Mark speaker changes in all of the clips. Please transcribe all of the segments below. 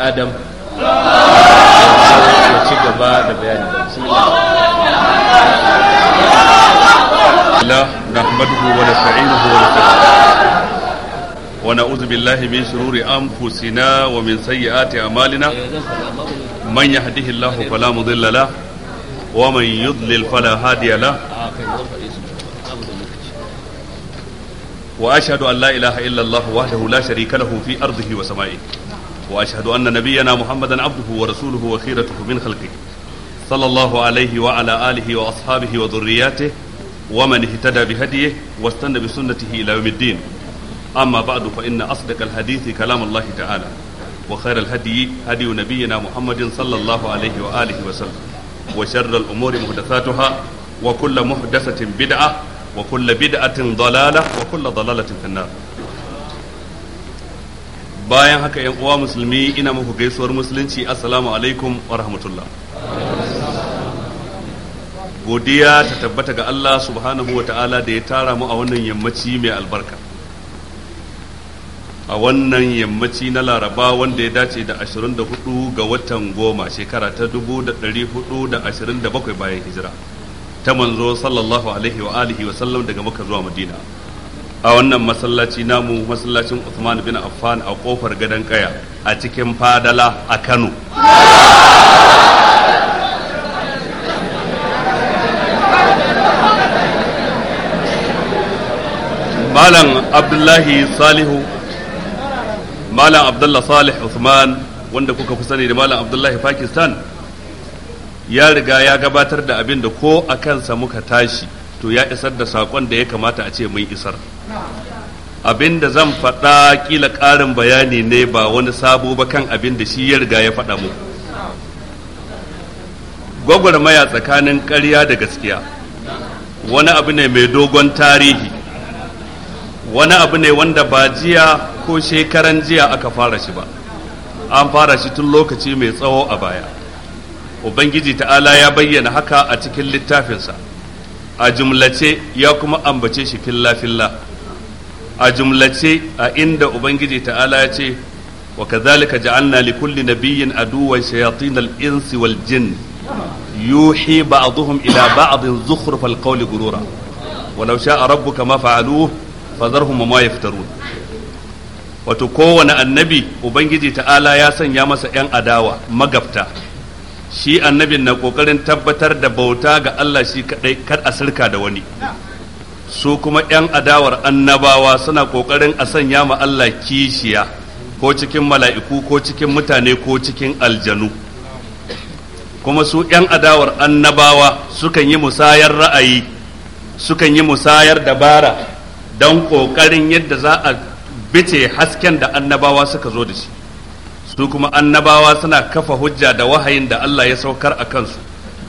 Speaker 1: adam ya ci gaba da bayani
Speaker 2: نحمده ونستعينه ونستغفره ونعوذ بالله من شرور انفسنا ومن سيئات اعمالنا من يهده الله فلا مضل له ومن يضلل فلا هادي له واشهد ان لا اله الا الله وحده لا شريك له في ارضه وسمائه وأشهد أن نبينا محمدا عبده ورسوله وخيرته من خلقه صلى الله عليه وعلى آله وأصحابه وذرياته ومن اهتدى بهديه واستنى بسنته إلى يوم الدين أما بعد فإن أصدق الحديث كلام الله تعالى وخير الهدي هدي نبينا محمد صلى الله عليه وآله وسلم وشر الأمور محدثاتها وكل محدثة بدعة وكل بدعة ضلالة وكل ضلالة في النار bayan haka yan uwa musulmi ina muku gaisuwar musulunci assalamu alaikum wa rahmatullah godiya ta tabbata ga Allah subhanahu wa ta'ala da ya tara mu a wannan yammaci mai albarka a wannan yammaci na laraba wanda ya dace da 24 ga watan goma shekara ta 1427 bayan hijira ta manzo sallallahu alaihi wa alihi wa sallam daga maka zuwa madina a wannan masallaci namu masallacin Usman bin Affan a kofar gadon kaya a cikin fadala a Kano Malam Abdullahi Salihu Malam Abdullahi Salih Usman wanda kuka fi sani da Malam Abdullahi Pakistan ya riga ya gabatar da abin da ko a kansa muka tashi to ya isar da saƙon da ya kamata a ce mun isar. abin da zan faɗa kila ƙarin bayani ne ba wani sabo ba kan abin da shi ya riga ya faɗa mu. gwagwarmaya tsakanin ƙarya da gaskiya wani abu ne mai dogon tarihi wani abu ne wanda ba jiya ko shekaran jiya aka fara shi ba an fara shi tun lokaci mai tsawo a baya ubangiji ta'ala ya bayyana haka a cikin littafinsa a jumlace ya kuma ambace shi filla-filla a jumlace a inda ubangiji ta'ala ya ce wa kadhalika ja'alna li kulli nabiyyin aduwwan shayatinal insi wal jin yuhi ba'dhum ila ba'dhin zukhrufal qawli gurura walau sha'a rabbuka ma fa'aluhu fadharhum ma yaftarun wato kowane annabi ubangiji ta'ala ya sanya masa yan adawa magabta shi annabin na kokarin tabbatar da bauta ga Allah shi kadai kar a sirka da wani su kuma 'yan adawar annabawa suna ƙoƙarin a sanya ma Allah kishiya ko cikin mala'iku ko cikin mutane ko cikin aljanu kuma su 'yan adawar annabawa sukan yi musayar ra'ayi sukan yi musayar dabara don ƙoƙarin yadda za a bice hasken da annabawa suka zo da shi su kuma annabawa suna kafa hujja da wahayin da Allah ya saukar a kansu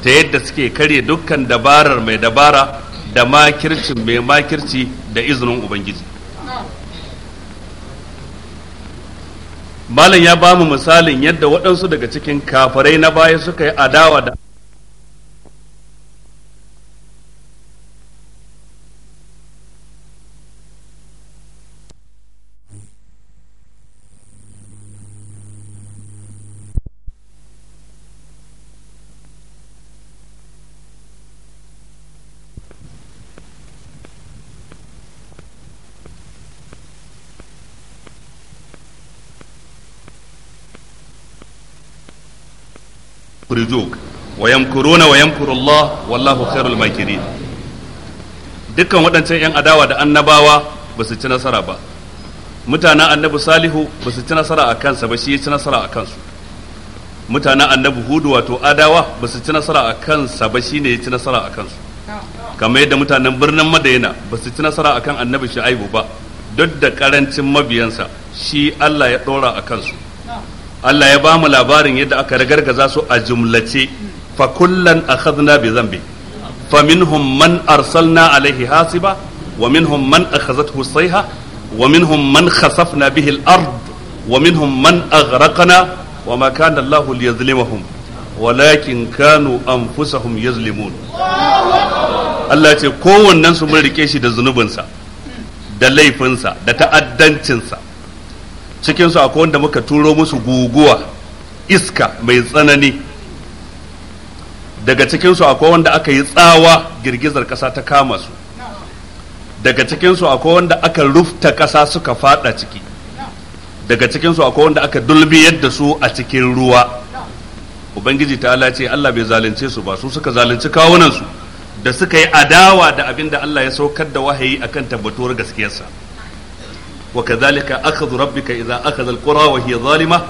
Speaker 2: ta yadda suke karya dukkan dabarar mai dabara da makircin mai makirci da izinin ubangiji malam ya ba mu misalin yadda waɗansu daga cikin kafarai na baya suka yi adawa da sujuk wa yamkuruna wa yamkuru Allah wallahu dukkan waɗancan yan adawa da annabawa ba su ci nasara ba mutanen annabi salihu ba su ci nasara a kansa ba shi ya ci nasara a kansu mutanen annabi hudu wato adawa ba su ci nasara a kansa ba shi ne ya ci nasara a kansu kamar yadda mutanen birnin madaina ba su ci nasara a kan annabi shu'aibu ba duk da karancin mabiyansa shi Allah ya ɗora a kansu Allah ya ba mu labarin yadda aka ragargaza su a jumlace fa kullan akhadna bi dhanbi fa minhum man arsalna alaihi hasiba wa minhum man akhazathu sayha wa minhum man khasafna bihi al-ard wa minhum man aghraqna wa ma kana Allah liyazlimahum walakin kanu anfusahum yazlimun Allah ce kowannen su mun rike shi da zunubinsa da laifinsa da ta'addancinsa cikinsu akwai wanda muka turo musu guguwa iska mai tsanani daga cikinsu akwai wanda aka yi tsawa girgizar ƙasa ta kama su daga cikinsu akwai wanda aka rufta ƙasa suka fada ciki daga cikinsu akwai wanda aka dulbi yadda su a cikin ruwa ubangiji ta ce allah bai zalunce su ba su suka zalunci kawunansu da suka yi adawa da abinda allah ya saukar da wahayi akan tabbatuwar gaskiyarsa wa kadhalika akhadhu rabbika idza akhadha alqura wa hiya zalima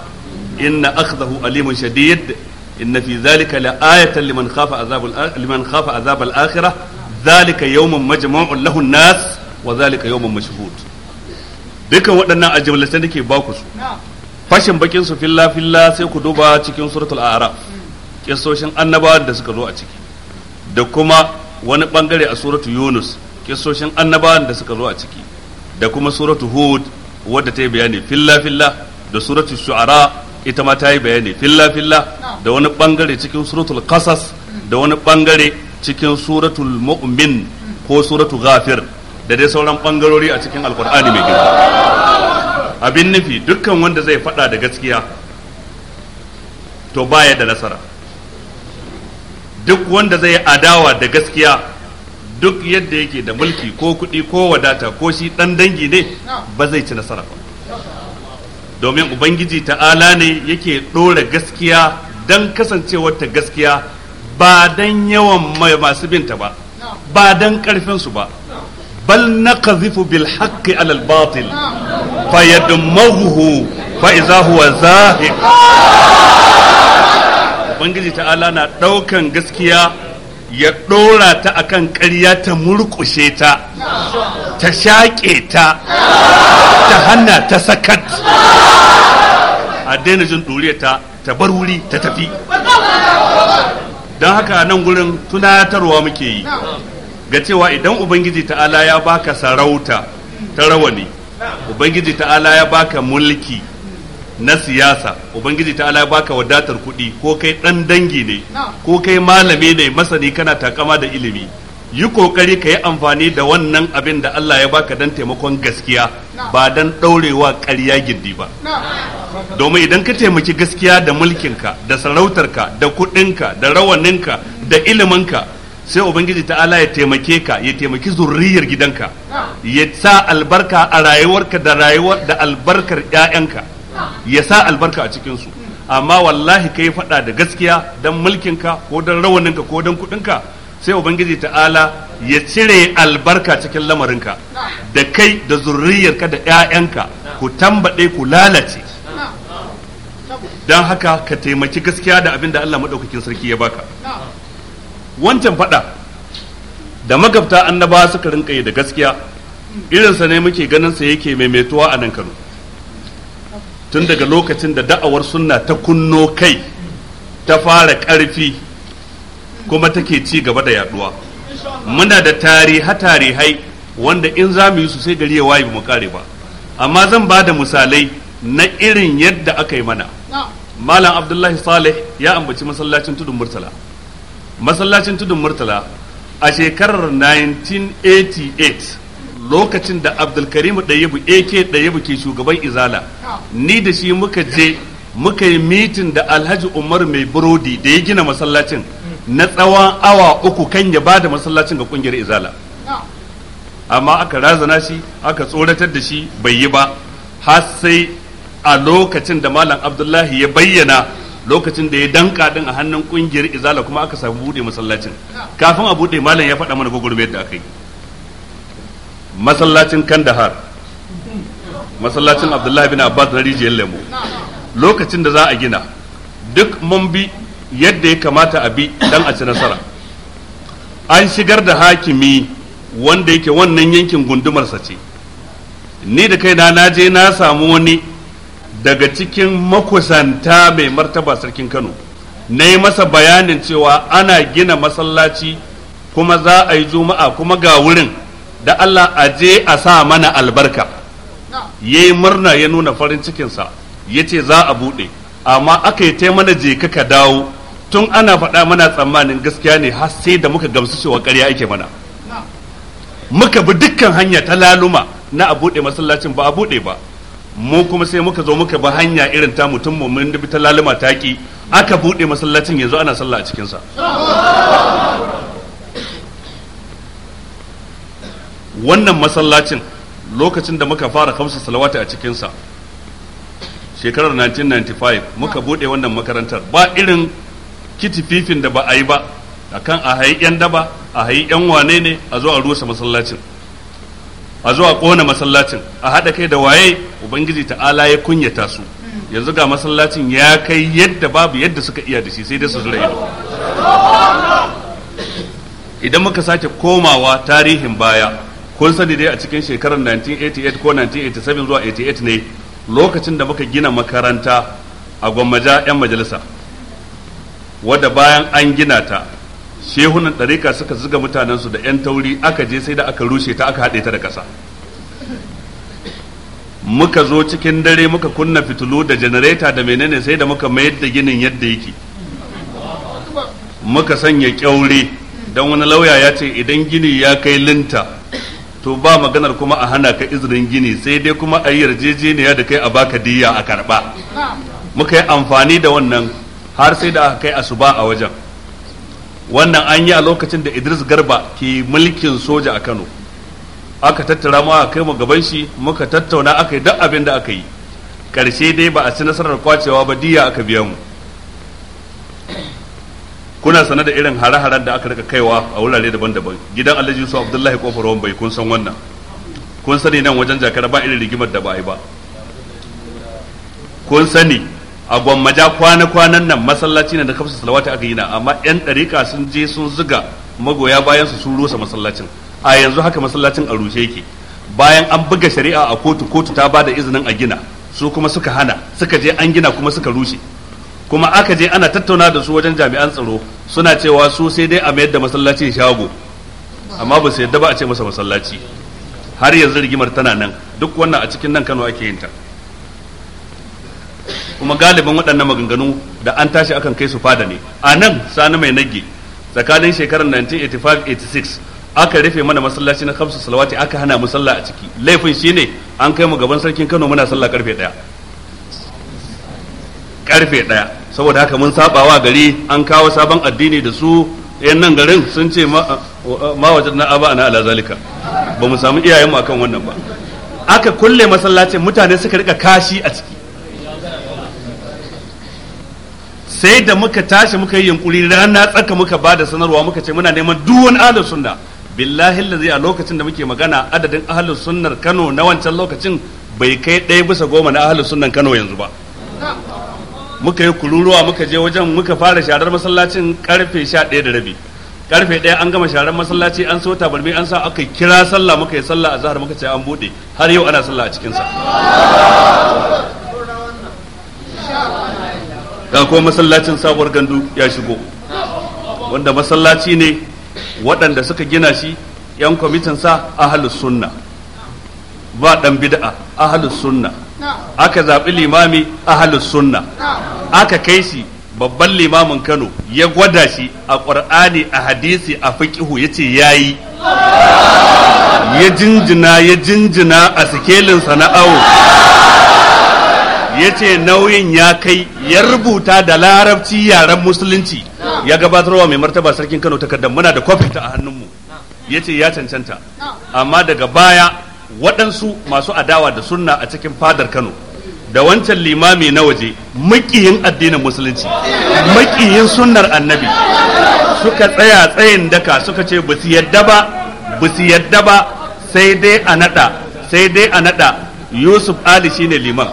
Speaker 2: inna akhdahu alimun shadid inna fi dhalika la'ayatan liman khafa azab liman khafa azab al nas wa dhalika yawmun mashhud dukan waɗannan ajimlatan baku su fashin bakin su filla filla sai ku duba cikin suratul a'raf kissoshin annabawan da suka zo a ciki da kuma wani bangare a suratu yunus kissoshin annabawan da suka zo a ciki da kuma suratu hud wadda ta yi bayani filla filla da suratu shu'ara ita ma ta yi bayani filla filla da wani bangare cikin suratul qasas da wani bangare cikin suratul mu'min ko suratu ghafir da dai sauran bangarori a cikin alkur'ani mai girma abin nufi dukkan wanda zai fada da gaskiya to baya da nasara duk wanda zai adawa da gaskiya duk yadda yake da mulki ko kuɗi ko wadata ko shi ɗan dangi ne ba zai ci nasara ba domin ubangiji ta'ala ne yake ɗora gaskiya don kasancewar ta gaskiya ba don yawan mai masu binta ba ba don ƙarfinsu ba bal na kazifu bil haƙƙi alal batil fa mahuhu fa iza huwa ubangiji ta'ala na ɗaukan gaskiya ya ɗora ta a kan ƙarya ta murƙushe ta ta shaƙe ta ta hana ta sakat a daina jin ɗuriya ta ta bar wuri ta tafi don haka nan gurin tunatarwa muke yi ga cewa idan ubangiji ta'ala ya baka sarauta ta rawani ubangiji ta'ala ya baka mulki na siyasa ubangiji ta ala baka wadatar kuɗi ko kai ɗan dangi ne ko kai malami ne masani kana takama da ilimi yi kokari ka yi amfani da wannan abin da Allah ya baka don taimakon gaskiya ba don ɗaurewa ƙarya gindi ba domin idan ka taimaki gaskiya da mulkinka da sarautarka da kuɗinka da rawanin ka, da ilimin ka, sai ubangiji ta Ala ya taimake ka ya taimaki zurriyar gidanka ya sa albarka a rayuwarka da rayuwar da albarkar 'ya'yanka ya sa albarka a cikinsu amma wallahi ka yi faɗa da gaskiya don mulkinka ko don rawaninka ko don kuɗinka sai ubangiji ta'ala ya cire albarka cikin lamarinka da kai da zurriyarka da 'ya'yanka ku tambaɗe ku lalace don haka ka taimaki gaskiya da abin da Allah maɗaukakin sarki ya baka wancan faɗa da magabta annabawa suka rinka yi da gaskiya irinsa ne muke ganin sa yake maimaituwa a nan Kano tun daga lokacin da da'awar sunna ta kunno kai ta fara ƙarfi kuma take ci gaba da yaduwa muna da tariha tarihai wanda in za mu yi su sai gari ya waye mu kare ba amma zan ba da misalai na irin yadda aka yi mana malam abdullahi saleh ya ambaci masallacin tudun murtala masallacin tudun murtala a shekarar 1988 lokacin da abdulkarim ɗayyabu ak ɗayyabu ke shugaban izala ni da shi muka je muka yi mitin da alhaji umar mai burodi da ya gina masallacin na tsawon awa uku kan ya ba da masallacin ga kungiyar izala amma aka razana shi aka tsoratar da shi bai yi ba har sai a lokacin da malam abdullahi ya bayyana lokacin da ya danka din a hannun kungiyar izala kuma aka samu bude masallacin kafin a buɗe malam ya faɗa mana gwagwarmayar da aka yi masallacin kandahar masallacin abdullahi bin abbas na rijiyar lemo lokacin da za a gina duk mun bi yadda ya kamata a bi dan a ci nasara an shigar da hakimi wanda yake wannan yankin gundumarsa ce ni da kaina na je na samu wani daga cikin makusanta mai martaba sarkin kano na yi masa bayanin cewa ana gina masallaci kuma za a yi juma'a kuma ga wurin da Allah a je a sa mana albarka ya yi murna ya nuna farin cikinsa ya ce za a buɗe amma aka yi mana je ka dawo tun ana faɗa mana tsammanin gaskiya ne har sai da muka gamsu cewa ƙarya ake mana muka bi dukkan hanya ta laluma na a buɗe masallacin ba a buɗe ba mu kuma sai muka zo muka bi hanya irin ta mutum mu mun bi ta laluma ta ki aka buɗe masallacin yanzu ana sallah a cikinsa wannan masallacin lokacin da muka fara kamsa salawati a cikinsa shekarar 1995 muka bude wannan makarantar ba irin kitififin da ba a yi ba kan a hayi yan daba a hayi yan wane ne a zo a rusa masallacin a zo a kona masallacin a haɗa kai da waye ubangiji ta'ala ya kunyata su mm. yanzu ga masallacin ya kai yadda babu yadda suka iya da shi sai dai su zura ido idan muka sake komawa tarihin baya kun sani dai a cikin shekarar 1988 ko 1987 zuwa 88 ne lokacin da muka gina makaranta a gwammaja 'yan majalisa wadda bayan an gina ta shehunan ɗarika suka ziga mutanensu da 'yan tauri aka je sai da aka rushe ta aka haɗe ta da ƙasa muka zo cikin dare muka kunna fitilu da janareta da menene sai da muka mayar da ginin yadda yake muka sanya kyaure don wani lauya ya ce idan gini ya kai linta to ba maganar kuma a hana ka izinin gini sai dai kuma a yi yarjejeniya da kai a baka diya a karba muka yi amfani da wannan har sai da aka kai asuba a wajen wannan an yi a lokacin da Idris Garba ke mulkin soja a Kano aka tattara mu aka kai mu gaban shi muka tattauna aka yi duk abin da aka yi karshe dai ba a ci nasarar kwacewa ba diya aka biya mu kuna sanar da irin hare-haren da aka rika kaiwa a wurare daban-daban gidan alhaji su abdullahi kofar bai kun san wannan kun sani nan wajen jakar ba irin rigimar da ba yi ba kun sani a gwammaja kwana-kwanan nan masallaci ne da kafsa salawata aka yi na amma yan ɗarika sun je sun zuga magoya bayan su sun rusa masallacin a yanzu haka masallacin a rushe yake bayan an buga shari'a a kotu kotu ta bada izinin a gina su kuma suka hana suka je an gina kuma suka rushe kuma aka je ana tattauna da su wajen jami'an tsaro suna cewa su sai dai a mayar da masallaci shago amma ba su yadda ba a ce masa masallaci har yanzu rigimar tana nan duk wannan a cikin nan Kano ake yin ta kuma galibin waɗannan maganganu da an tashi akan kai su fada ne a nan sani mai nage tsakanin shekarar 1985-86 aka rufe mana masallaci na kamsu salawati aka hana mu a ciki laifin shi ne an kai mu gaban sarkin Kano muna sallah karfe karfe ɗaya saboda haka mun wa gari an kawo sabon addini da su yan nan garin sun ce ma wajen na aba ana ala zalika ba mu samu iyayenmu akan wannan ba aka kulle masallacin mutane suka rika kashi a ciki sai da muka tashi muka yi yunkuri rana tsaka muka ba da sanarwa muka ce muna neman duk wani ahlus sunna billahi lazi a lokacin da muke magana adadin ahlus sunnar Kano na wancan lokacin bai kai ɗaya bisa goma na ahlus sunnan Kano yanzu ba muka yi kururuwa muka je wajen muka fara sharar masallacin karfe sha ɗaya da rabi karfe ɗaya an gama sharar masallaci an so barmi an sa aka kira sallah muka yi sallah a zahar muka ce an buɗe har yau ana sallah a cikinsa ga kuma masallacin sabuwar gandu ya shigo wanda masallaci ne waɗanda suka gina shi 'yan kwamitin sa ahalus sunna ba ɗan bid'a ahalus sunna aka zaɓi limami ahalus sunna aka kai shi babban limamin kano ya gwada shi a ƙwar'ani a hadisi a fiƙihu ya ce ya yi ya jinjina ya jinjina a sikelin sana'awo ya ce nauyin ya kai ya rubuta da larabci yaren musulunci ya gabatarwa mai martaba sarkin kano takardar muna da kwafi ta a hannunmu ya ce ya cancanta amma daga baya waɗansu masu adawa da sunna a cikin fadar kano da wancan limami na waje makiyin addinin musulunci makiyin sunnar annabi suka tsaya tsayin daka suka ce ba su yadda ba ba su yadda ba sai dai a nada sai dai a nada yusuf ali shine liman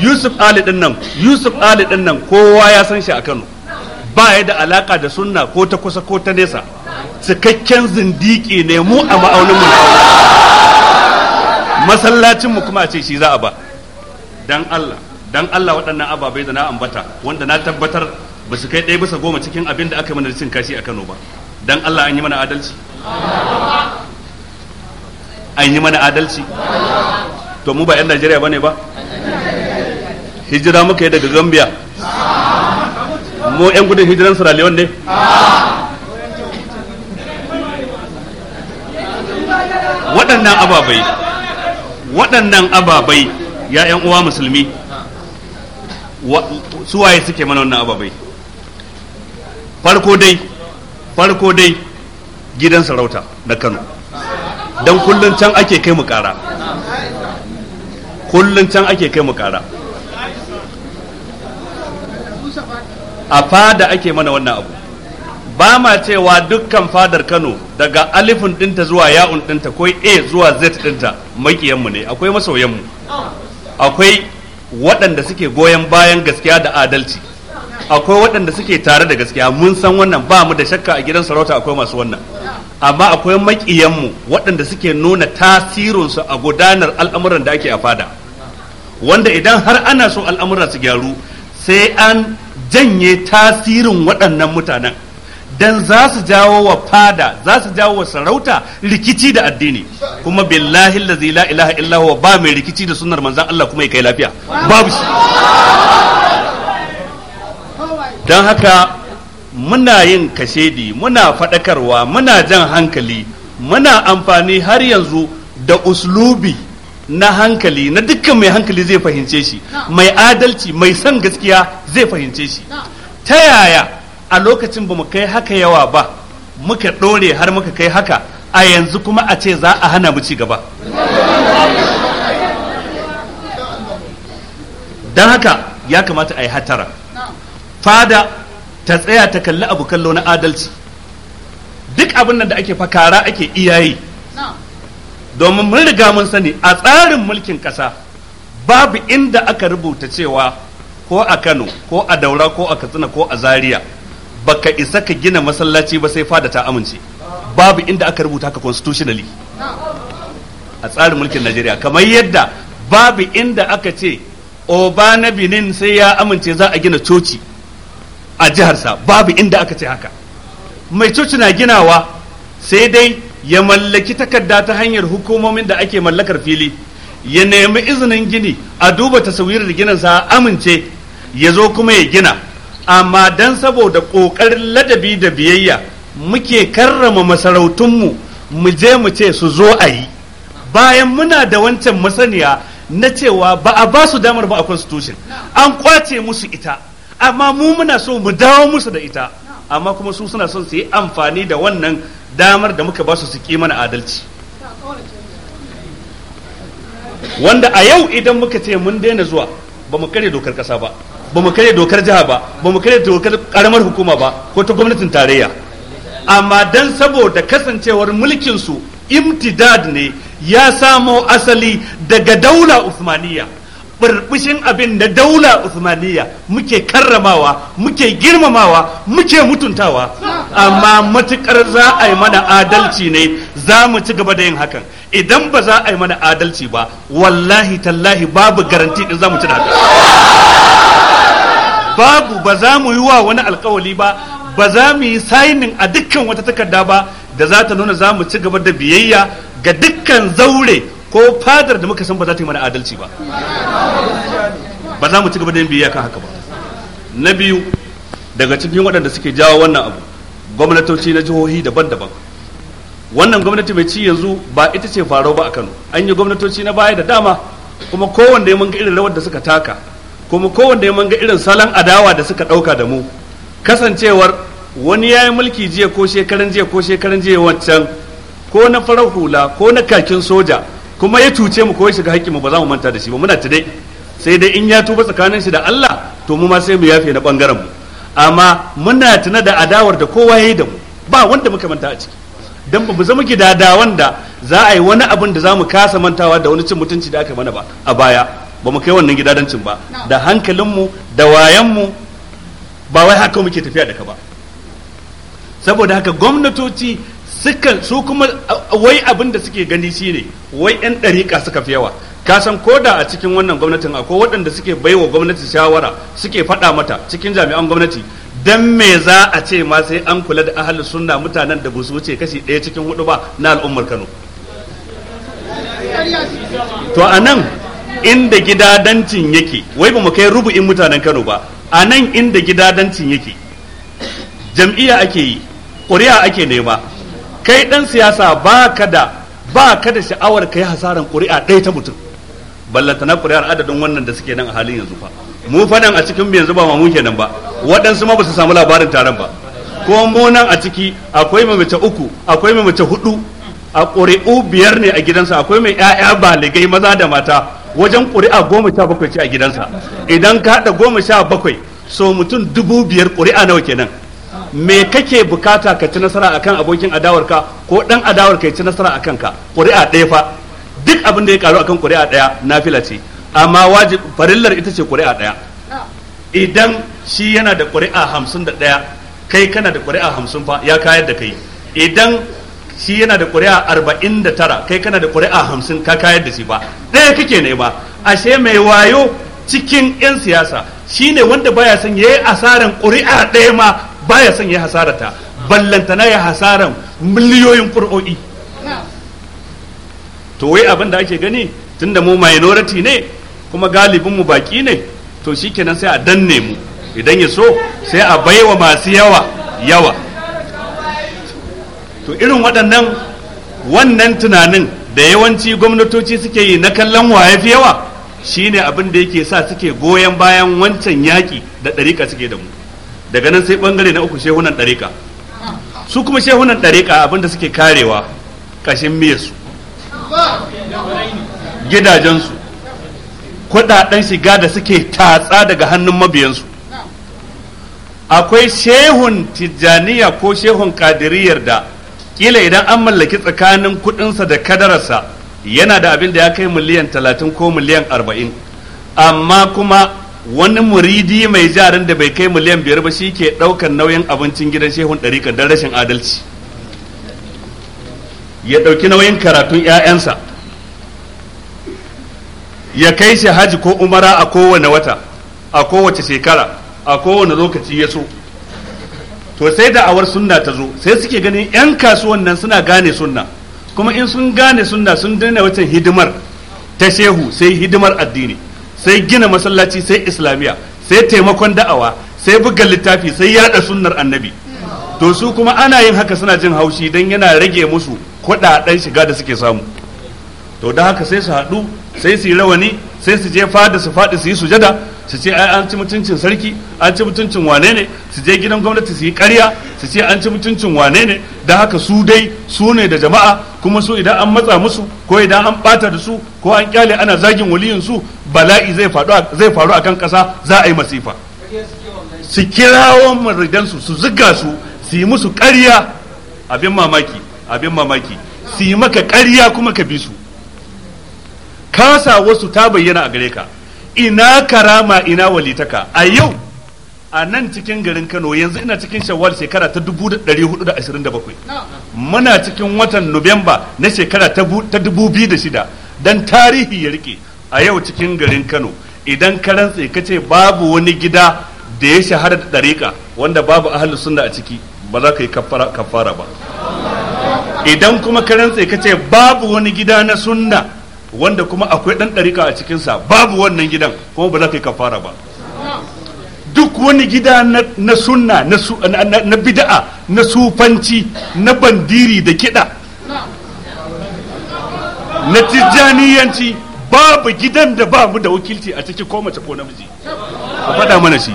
Speaker 2: yusuf ali din nan yusuf ali din nan kowa ya san shi a kano ba ya da alaka da sunna ko ta kusa ko ta nesa cikakken zindiki ne mu a ma'aunin mu masallacin mu kuma a ce shi za a ba dan Allah dan Allah waɗannan ababai da na ambata wanda na tabbatar ba su kai ɗaya bisa goma cikin abin da aka yi mana cin kashi a Kano ba dan Allah an yi mana adalci an yi mana adalci to mu ba 'yan Najeriya bane ba hijira muka yi daga Gambia mu 'yan gudun hijiran Sierra Leone ne waɗannan ababai waɗannan ababai ya ‘yan uwa musulmi suwaye suke mana wannan ababai farko dai farko dai gidan sarauta na kano don kullum can ake kai mu ƙara kullum can ake kai mu ƙara a fada ake mana wannan abu ba ma cewa dukkan fadar Kano daga alifin dinta zuwa ya'un dinta ko a zuwa z dinta makiyanmu ne akwai masoyanmu akwai waɗanda suke goyon bayan gaskiya da adalci akwai waɗanda suke tare da gaskiya mun san wannan ba mu da shakka a gidan sarauta akwai masu wannan amma akwai makiyanmu waɗanda suke nuna tasirinsu a gudanar al'amuran da ake a fada wanda idan har ana so al'amuran su gyaru sai an janye tasirin waɗannan mutanen dan za su jawo wa fada za su jawo wa sarauta rikici da addini kuma billahi allazi la ilaha illa huwa ba mai rikici da sunnar manzon Allah kuma ya kai lafiya babu shi dan haka muna yin kashedi muna fadakarwa muna jan hankali muna amfani har yanzu da uslubi na hankali na dukkan mai hankali zai fahimce shi mai adalci mai son gaskiya zai fahimce shi ta yaya a lokacin ba mu kai haka yawa ba muka ɗore har muka kai haka a yanzu kuma a ce za a hana mu ci gaba don haka ya kamata a yi hatara fada ta tsaya ta kalli abu kallo na adalci duk abin nan da ake fakara ake iyayi domin mun riga mun sani a tsarin mulkin ƙasa babu inda aka rubuta cewa ko a kano ko a daura ko a katsina ko a zaria baka isa ka gina masallaci ba sai fada ta amince babu inda aka rubuta haka constitutionally a tsarin mulkin Najeriya kamar yadda babu inda aka ce oba na Benin sai ya amince za a gina coci a jiharsa babu inda aka ce haka mai coci na ginawa sai dai ya mallaki takarda ta hanyar hukumomin da ake mallakar fili ya nemi izinin gini a duba tasawirar sa amince ya zo kuma ya gina amma don saboda ƙoƙarin ladabi da biyayya muke karrama masarautunmu mu je mu ce su zo a yi bayan muna da wancan masaniya na cewa ba a ba su damar ba a constitution an kwace musu ita amma mu muna so mu dawo musu da ita amma kuma su suna son su yi amfani da wannan damar da muka ba su su mana adalci wanda a yau idan muka ce mun daina zuwa ba mu kare dokar ƙasa ba ba mu karya dokar jiha ba ba mu karya dokar karamar hukuma ba ko ta gwamnatin tarayya amma dan saboda kasancewar mulkin su imtidad ne ya samo asali daga daula usmaniya burbushin abin da daula usmaniya muke karramawa muke girmamawa muke mutuntawa amma matukar za a yi mana adalci ne za mu ci gaba da yin hakan idan ba za a yi mana adalci ba wallahi tallahi babu garanti din za mu ci da hakan. babu ba za mu yi wa wani alkawali ba ba za mu yi sainin a dukkan wata takarda ba da za ta nuna za mu ci gaba da biyayya ga dukkan zaure ko fadar da muka san ba za ta yi mana adalci ba ba za mu ci gaba da yin biyayya kan haka ba na biyu daga cikin waɗanda suke jawo wannan abu gwamnatoci na jihohi daban-daban wannan gwamnati mai ci yanzu ba ita ce faro ba a kano an yi gwamnatoci na baya da dama kuma kowanne mun ga irin rawar da suka taka kuma kowanne mun ga irin salon adawa da suka ɗauka da mu kasancewar wani ya yi mulki jiya ko shekaran jiya ko shekaran jiya wancan ko na farar hula ko na kakin soja kuma ya cuce mu ko ya shiga haƙƙi mu ba za mu manta da shi ba muna dai sai dai in ya tuba tsakanin shi da Allah to mu ma sai mu yafe na bangaren mu amma muna tuna da adawar da kowa ya yi da mu ba wanda muka manta a ciki dan ba mu zama gidada wanda za a yi wani abin da za mu kasa mantawa da wani cin mutunci da aka mana ba a baya ba mu kai wannan gidadancin ba da hankalinmu da wayanmu ba wai haka muke tafiya da ba saboda haka gwamnatoci sukan su kuma wai abin da suke gani shine wai yan ɗariƙa suka fi yawa ka san da a cikin wannan gwamnatin akwai waɗanda suke baiwa gwamnati shawara suke faɗa mata cikin jami'an gwamnati dan me za a ce ma sai an kula da ahalin sunna mutanen da su wuce kashi ɗaya cikin hudu ba na al'ummar Kano to a nan inda gidadancin yake wai ba mu kai rubu'in mutanen Kano ba a nan inda gidadancin yake jam'iyya ake yi ƙuri'a ake nema kai ɗan siyasa ba ka da ba ka da sha'awar kai hasaran ƙuri'a ɗaya ta mutum ballantana ƙuri'ar adadin wannan da suke nan a halin yanzu fa mu fa a cikin yanzu ba mu kenan ba waɗansu ma ba su samu labarin taron ba ko mu nan a ciki akwai mai mace uku akwai mai mace hudu a ƙuri'u biyar ne a gidansa akwai mai 'ya'ya baligai maza da mata wajen ƙuri'a goma sha bakwai ce a gidansa idan ka haɗa goma sha bakwai so mutum dubu biyar ƙuri'a nawa kenan me kake bukata ka ci nasara akan abokin adawarka ko ɗan adawarka ya ci nasara akan ka ƙuri'a ɗaya fa duk abin da ya karu akan ƙuri'a ɗaya fila ce amma wajib farillar ita ce ƙuri'a ɗaya idan shi yana da ƙuri'a hamsin da ɗaya kai kana da ƙuri'a hamsin fa ya kayar da kai idan shi yana da ƙuri'a arba'in da tara kai kana da ƙuri'a hamsin ka kayar da shi ba ɗaya kake ne ba ashe mai wayo cikin 'yan siyasa shi ne wanda baya son ya yi asaran ƙuri'a ɗaya ma baya son ya hasarata ballantana ya hasaran miliyoyin ƙuri'o'i to wai abin da ake gani tun da mu minority ne kuma galibinmu mu baki ne to shi kenan sai a danne mu idan ya so sai a baiwa masu yawa yawa to irin waɗannan wannan tunanin da yawanci gwamnatoci suke yi na kallon waye fi yawa shine abin da yake sa suke goyon bayan wancan yaƙi da ɗariƙa suke da mu daga nan sai ɓangare na uku shehunan ɗariƙa su kuma shehunan ɗariƙa abin da suke karewa ƙashin miyarsu gidajensu kuɗaɗen shiga da suke tatsa daga hannun mabiyansu akwai shehun tijjaniya ko shehun kadiriyar da kila idan an mallaki tsakanin kudinsa da kadararsa yana da abin da ya kai miliyan talatin ko miliyan arba'in amma kuma wani muridi mai jarin da bai kai miliyan biyar ba shi ke ɗaukar nauyin abincin gidan shehun ɗarika don rashin adalci ya ɗauki nauyin karatun 'ya'yansa ya kai shi haji ko umara a kowane wata a kowace shekara a kowane lokaci ya so to sai da'awar sunna ta zo sai suke ganin yan kasuwan nan suna gane sunna kuma in sun gane sunna sun daina wacin hidimar ta shehu sai hidimar addini sai gina masallaci sai islamiyya sai taimakon da'awa sai buga littafi sai yada sunnar annabi to su kuma ana yin haka suna jin haushi don yana rage musu kuɗaɗen shiga da suke samu to da haka sai su haɗu sai su yi rawani sai su je fada su faɗi su yi sujada su ce ai an ci mutuncin sarki an ci mutuncin wane ne su je gidan gwamnati su yi ƙarya su ce an ci mutuncin wane ne da haka su dai su ne da jama'a kuma su idan an matsa musu ko idan an ɓata da su ko an kyale ana zagin waliyin su bala'i zai faru a kan akan ƙasa za a yi masifa su kirawo maridan su su ziga su su yi musu ƙarya abin mamaki abin mamaki su yi maka karya kuma ka bi su kasa wasu ta bayyana a gare ka ina karama ina walitaka a yau a nan cikin garin Kano yanzu ina cikin shawar shekara ta 1427 muna cikin watan Nuwamba na shekara ta 2006 don tarihi ya rike a yau cikin garin Kano idan karan ka ce babu wani gida da ya shahara da dariƙa wanda babu ahalin sunna a ciki ba za ka yi kafara ba idan kuma karan ka ce babu wani gida na sunna wanda kuma akwai ɗan ɗarika a cikinsa babu wannan gidan kuma ba za ka yi kafara ba duk wani gida na sunna na bida'a na sufanci na bandiri da kiɗa na tijjaniyanci babu gidan da ba mu da wakilci a cikin ko mace ko namiji a faɗa mana shi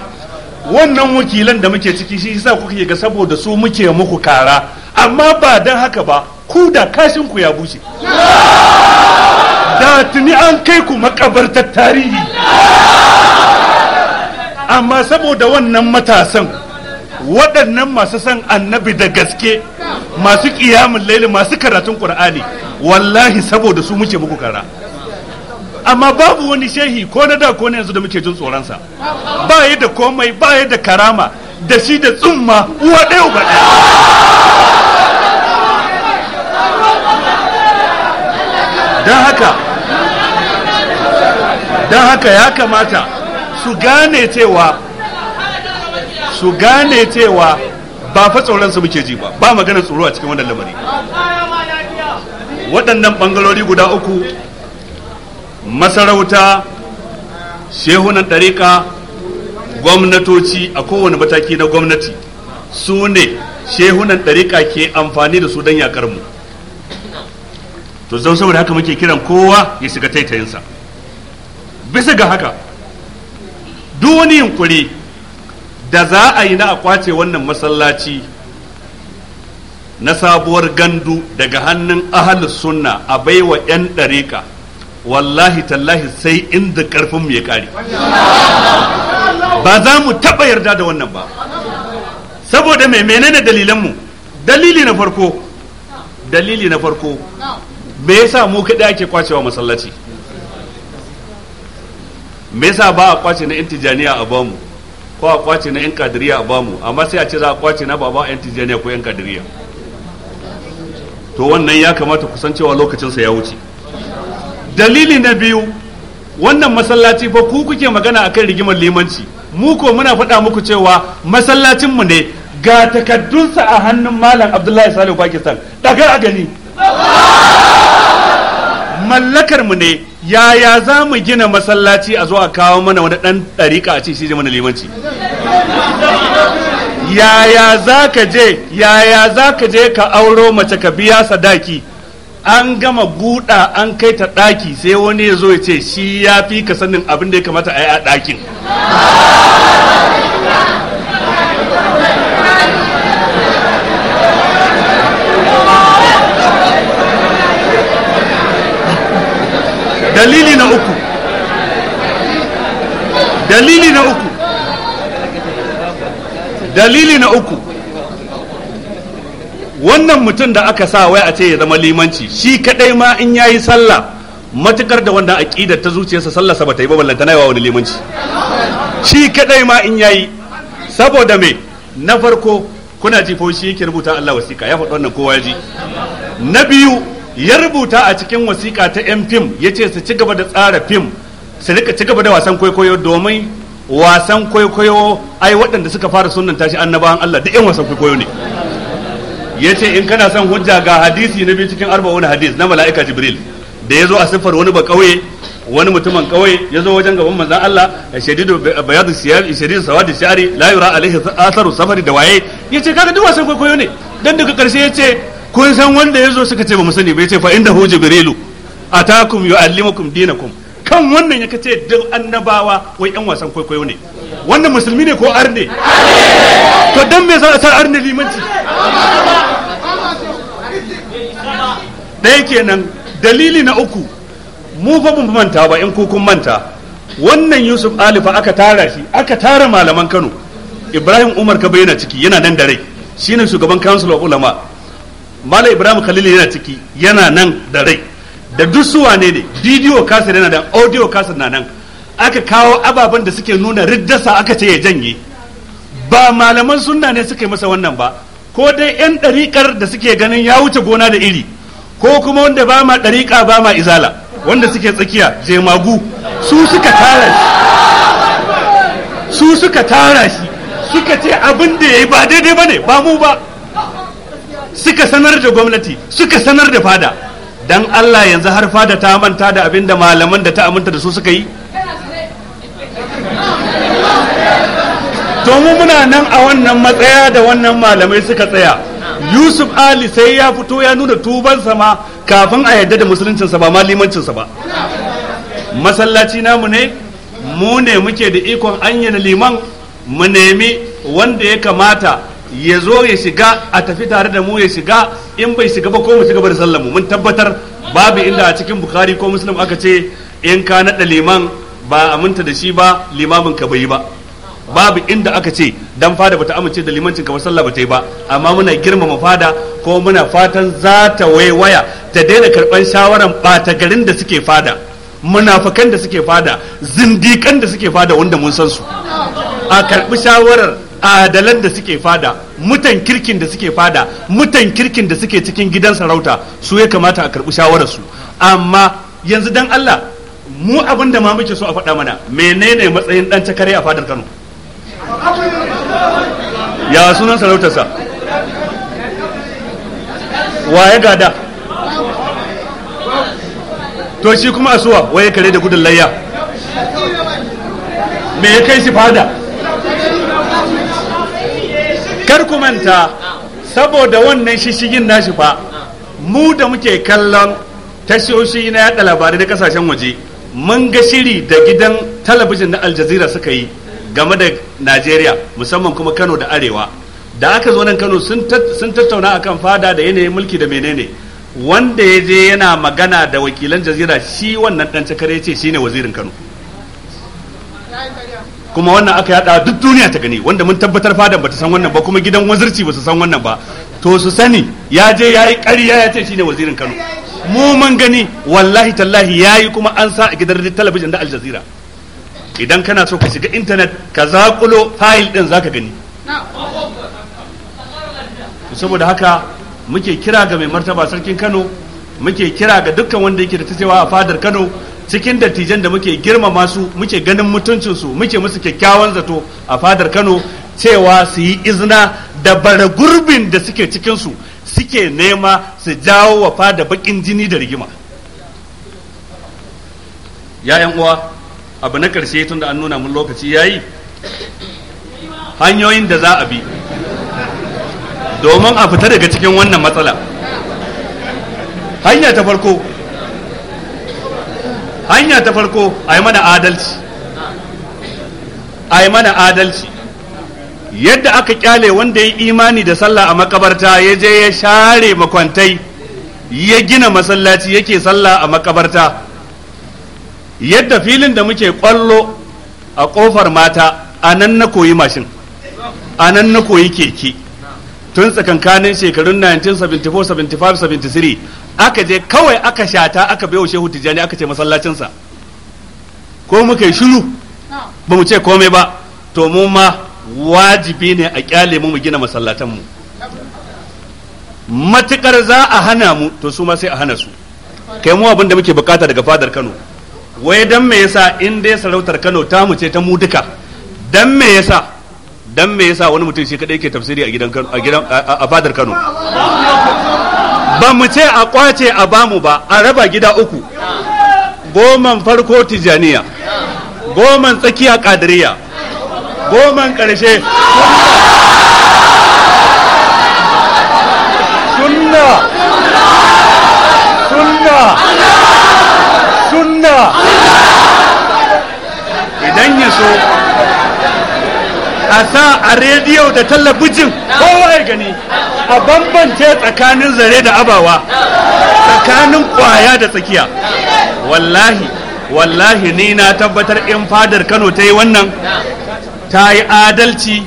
Speaker 2: wannan wakilan da muke ciki shi yasa kuke ga saboda su muke muku kara amma ba don haka ba ku da kashinku ya bushe da tuni an kai ku makabartar tarihi amma saboda wannan matasan waɗannan masu san annabi da gaske masu ƙiyamun laili masu karatun ƙur'ani wallahi saboda su muke muku kara amma babu wani shehi ko na da ko na yanzu da muke jin tsoronsa ba yi da komai ba yi da karama da shi da tsumma uwa ɗaya uba ɗaya don haka don haka ya kamata su gane cewa su gane cewa ba fa su muke ji ba ba magana tsoro a cikin wannan lamari waɗannan ɓangarori guda uku masarauta shehunan ɗariƙa, gwamnatoci a kowane mataki na gwamnati su ne shehunan ɗarika ke amfani da su don yakar mu to zan saboda haka muke kiran kowa ya shiga taitayinsa bisa ga haka duk wani yunkuri da za a yi na a kwace wannan masallaci na sabuwar gandu daga hannun ahalus sunna a baiwa 'yan ɗarika wallahi tallahi sai inda ƙarfin mu ya kare ba za mu taɓa yarda da wannan ba saboda mai menene dalilanmu dalili na farko dalili na farko me yasa mu kaɗai ake kwacewa masallaci me yasa ba a kwace na intijaniya a bamu ko a kwace na yan kadiriya a bamu amma sai a ce za a kwace na baba yan tijaniya ko yan kadiriya to wannan ya kamata kusan cewa lokacin sa ya wuce dalili na biyu wannan masallaci fa ku kuke magana akan rigimar limanci mu ko muna faɗa muku cewa masallacin mu ne ga takaddunsa a hannun malam abdullahi salihu pakistan daga a gani mallakar mu ne yaya za mu gina masallaci a zo a kawo mana wani ɗan ɗarika a ce shi mana limanci yaya za ka je yaya za ka je ka auro mace ka biya sadaki an gama guda an kai ta ɗaki sai wani ya zo ya ce shi ya fi ka sanin abin da ya kamata a yi a ɗakin dalili na uku dalili na uku dalili na uku wannan mutum da aka sa wai a ce ya zama limanci shi kadai ma in yayi sallah matukar da wannan aqida ta zuciyarsa sallah ba bata yi ba ballanta na yawa wani limanci shi kadai ma in yayi saboda me na farko kuna ji fa shi yake rubuta Allah wasiƙa ya faɗi wannan kowa ya ji na biyu ya rubuta a cikin wasiƙa ta yan fim ya ce su ci gaba da tsara fim su rika ci gaba da wasan kwaikwayo domin wasan kwaikwayo ai waɗanda suka fara sunan tashi annabawan Allah duk yan wasan kwaikwayo ne ya ce in kana son hujja ga hadisi na biyu cikin arba wani hadis na mala'ika jibril da ya zo a siffar wani ba ƙauye wani mutumin ƙauye ya zo wajen gaban manzan Allah ya shadidu bayadu siyar shari la yura alaihi safari da waye ya ce kaga duk wasan kwaikwayo ne dan daga ƙarshe ya ce kun san wanda ya zo suka ce ba mu sani bai ce fa inda hu jibrilu kum dina dinakum kan wannan ya kace duk annabawa wai yan wasan kwaikwayo ne wannan musulmi ne ko arne to dan me za a sa arne limanci ɗaya kenan dalili na uku mu fa mun manta ba in kukun manta wannan Yusuf Alifa aka tara shi aka tara malaman Kano Ibrahim Umar ka bayyana ciki yana nan da rai shine shugaban Council of Ulama malam ibrahim khalil yana ciki yana nan da rai da duk su wane ne bidiyo kasar yana da audio kasar na nan aka kawo ababen da suke nuna riddasa aka ce ya janye ba malaman sunna ne suka masa wannan ba ko dai yan ɗariƙar da suke ganin ya wuce gona da iri ko kuma wanda ba ma ɗariƙa ba ma izala wanda suke tsakiya jemagu su suka tara shi su suka tara shi suka ce abin da ya yi ba daidai ba ne ba mu ba suka sanar da gwamnati suka sanar da fada dan Allah yanzu har fada ta manta da abin da malaman da ta aminta da su suka yi domin muna nan a wannan matsaya da wannan malamai suka tsaya yusuf ali sai ya fito ya nuna tuban sama kafin a yadda da musuluncinsa ba ma limancinsa ba masallaci namu ne mu ne muke da ikon anyana liman mu nemi wanda ya kamata ya zo ya shiga a tafi tare da mu ya shiga in bai shiga ba ko mu shiga bar sallar mu mun tabbatar babu inda a cikin bukari ko muslim aka ce in ka naɗa liman ba aminta da shi ba limamin ka bai ba babu inda aka ce dan fada bata amince da limancin ka ba sallah bata yi ba amma muna girmama fada ko muna fatan za ta waiwaya ta daina karban shawaran bata garin da suke fada munafakan da suke fada zindikan da suke fada wanda mun san su
Speaker 1: a karbi shawarar
Speaker 2: adalan da suke fada mutan kirkin da suke fada mutan kirkin da suke cikin gidan sarauta su ya kamata a karɓi shawararsu amma yanzu dan Allah mu abin da ma muke so a faɗa mana menene matsayin dan kare a fadar Kano ya sunan sarautarsa waye gada to shi kuma asuwa waye kare da gudun layya me ya kai shi fada kar ku manta saboda wannan shishigin nashi fa mu da muke kallon tashoshi na yada labarai na kasashen waje mun ga shiri da gidan talabijin na aljazira suka yi game da najeriya musamman kuma kano da arewa da aka zo nan kano sun tattauna akan fada da yanayin mulki da menene wanda ya je yana magana da wakilan jazira shi wannan dan cakare ce shine wazirin kano kuma wannan aka yada duk duniya ta gani wanda mun tabbatar fadan bata san wannan ba kuma gidan wazirci ba su san wannan ba to su sani ya je ya yi ƙarya ya ce shi ne wazirin Kano mu mun gani wallahi tallahi ya yi kuma an sa a gidan talabijin da Al Jazeera idan kana so ka shiga intanet ka zakulo fayil din zaka gani saboda haka muke kira ga mai martaba sarkin Kano muke kira ga dukkan wanda yake da tasewa a fadar Kano cikin dattijan da muke girmama su muke ganin mutuncinsu muke musu kyakkyawan zato a fadar Kano cewa su yi izina da bara gurbin da suke cikinsu suke nema su jawo wa fada bakin jini da rigima ya uwa abu na karshe tunda an nuna mun lokaci ya yi. hanyoyin da za a bi domin a fita daga cikin wannan matsala hanya ta farko hanya ta farko a yi mana adalci a mana adalci yadda aka kyale wanda ya imani da sallah a makabarta ya je ya share makwantai ya gina masallaci yake sallah a makabarta yadda filin da muke kwallo a kofar mata a nan na koyi mashin a nan na koyi keke tun tsakankanin shekarun 1974 75 73 aka je kawai aka shata aka baiwa shehu tijjani aka ce masallacinsa ko muka yi shiru ba mu ce komai ba to mu ma wajibi ne a kyale mu gina masallatanmu mu matukar za a hana mu to su ma sai a hana su kai mu abin da muke bukata daga fadar Kano wai dan me yasa in dai sarautar Kano ta mu ce ta mu duka dan me yasa dan me yasa wani mutum shi kadai ke tafsiri a gidan a fadar Kano ba mu ce a kwace a bamu ba a raba gida uku goman farko tijaniya goman tsakiya kadiriya goman ƙarshe sunna sunna sunna idan ya so a sa a rediyo da talabijin kowa ya gani a bambance tsakanin zare da abawa tsakanin kwaya da tsakiya wallahi wallahi ni na tabbatar in fadar kano ta yi wannan ta yi adalci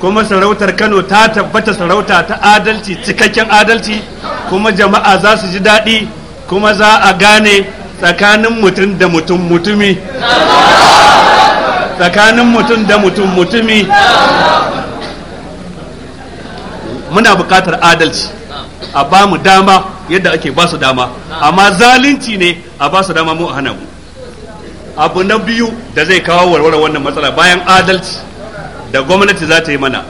Speaker 2: kuma sarautar kano ta tabbata sarauta ta adalci cikakken adalci kuma jama'a za su ji daɗi kuma za a gane tsakanin mutum da mutum mutumi tsakanin mutum da mutum mutumi muna bukatar adalci a ba mu dama yadda ake ba su dama amma zalunci ne a ba su dama mu a hana mu abu na biyu da zai kawo warware wannan matsala bayan adalci da gwamnati za ta yi mana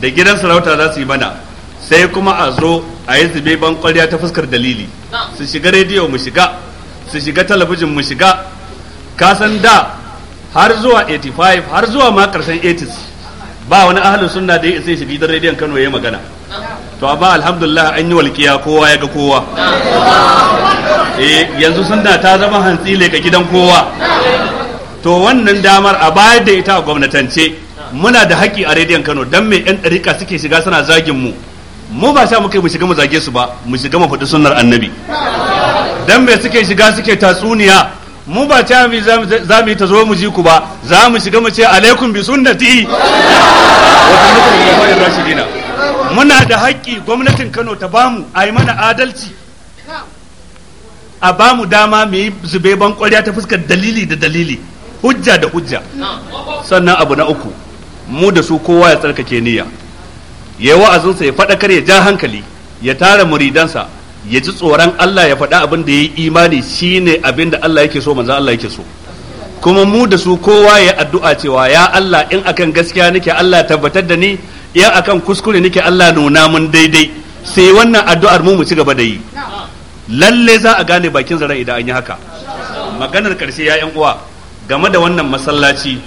Speaker 2: da gidan sarauta za su yi mana sai kuma a zo a yi zube ban kwalliya ta fuskar dalili su shiga rediyo mu shiga su shiga talabijin mu shiga kasan da har zuwa 85 har zuwa ma karshen 80 ba wani ahalin sunna da ya isa shi gidan rediyon Kano ya magana to amma alhamdulillah an yi walƙiya kowa ya ga kowa eh yanzu sunna ta zama hantsi ga gidan kowa to wannan damar a bayar da ita a gwamnatance muna da haƙƙi a rediyon Kano dan me yan ɗarika suke shiga suna zagin mu mu ba sa muka mu shiga mu zage su ba mu shiga mu faɗi sunnar annabi dan me suke shiga suke tatsuniya mu ba ta mi za mu yi ta zo mu ji ku ba za mu shiga mu ce alaikum bi sunnati wa sunnatul khulafa'ir rashidin muna da haƙƙi gwamnatin Kano ta bamu a mana adalci a bamu dama mu yi zube ban ƙwarya ta fuskar dalili da dalili hujja da hujja sannan abu na uku mu da su kowa ya tsarkake niyya yayi wa'azinsa ya faɗakar ya ja hankali ya tara muridansa ya ji tsoron Allah ya faɗa abin da ya yi imani shine abin da Allah yake so manzan Allah yake so kuma mu da su kowa ya addu'a cewa ya Allah in akan gaskiya nake Allah tabbatar da ni in akan kuskure nake Allah nuna mun daidai sai wannan addu'ar mu mu ci gaba da yi lalle za a gane bakin zaren idan an yi haka maganar karshe ya yan uwa game da wannan masallaci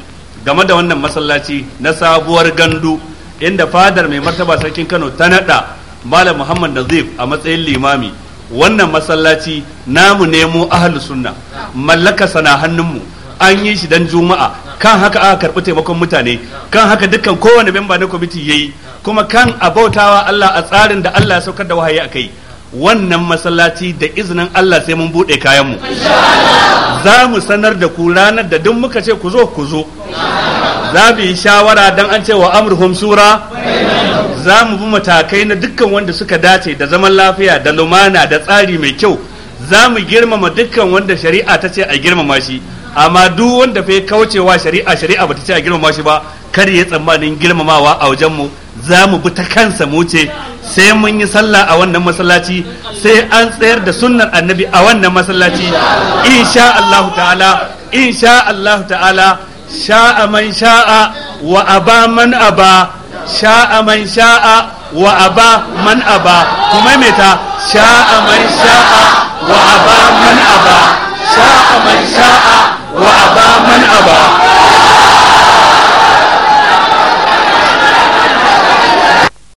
Speaker 2: game da wannan masallaci na sabuwar gandu inda fadar mai martaba sarkin Kano ta naɗa. malam muhammad nazif a matsayin limami wannan masallaci namu nemo ahalus sunna mallaka sana hannunmu an yi shi dan juma'a kan haka aka karɓi taimakon mutane kan haka dukkan kowane memba na kwamiti ya yi kuma kan a bautawa Allah a tsarin da Allah ya saukar da wahayi kai wannan masallaci da izinin Allah sai mun buɗe kayan mu za mu sanar da ku ranar da duk muka ce ku zo ku zo za mu yi shawara dan an ce wa amurhum sura za mu bi matakai na dukkan wanda suka dace da zaman lafiya da lumana da tsari mai kyau za mu girmama dukkan wanda shari'a ta ce a girmama shi amma duk wanda fa kaucewa shari'a shari'a bata ce a girmama shi ba kar ya tsammanin girmamawa a wajen mu za mu bi ta kansa mu ce sai mun yi sallah a wannan masallaci sai an tsayar da sunnar annabi a wannan masallaci insha Allah ta'ala insha Allah ta'ala sha'a man sha'a wa aba man aba sha'a man sha'a wa aba man aba kuma mai sha'a man sha'a wa aba man aba sha'a man sha'a wa aba man aba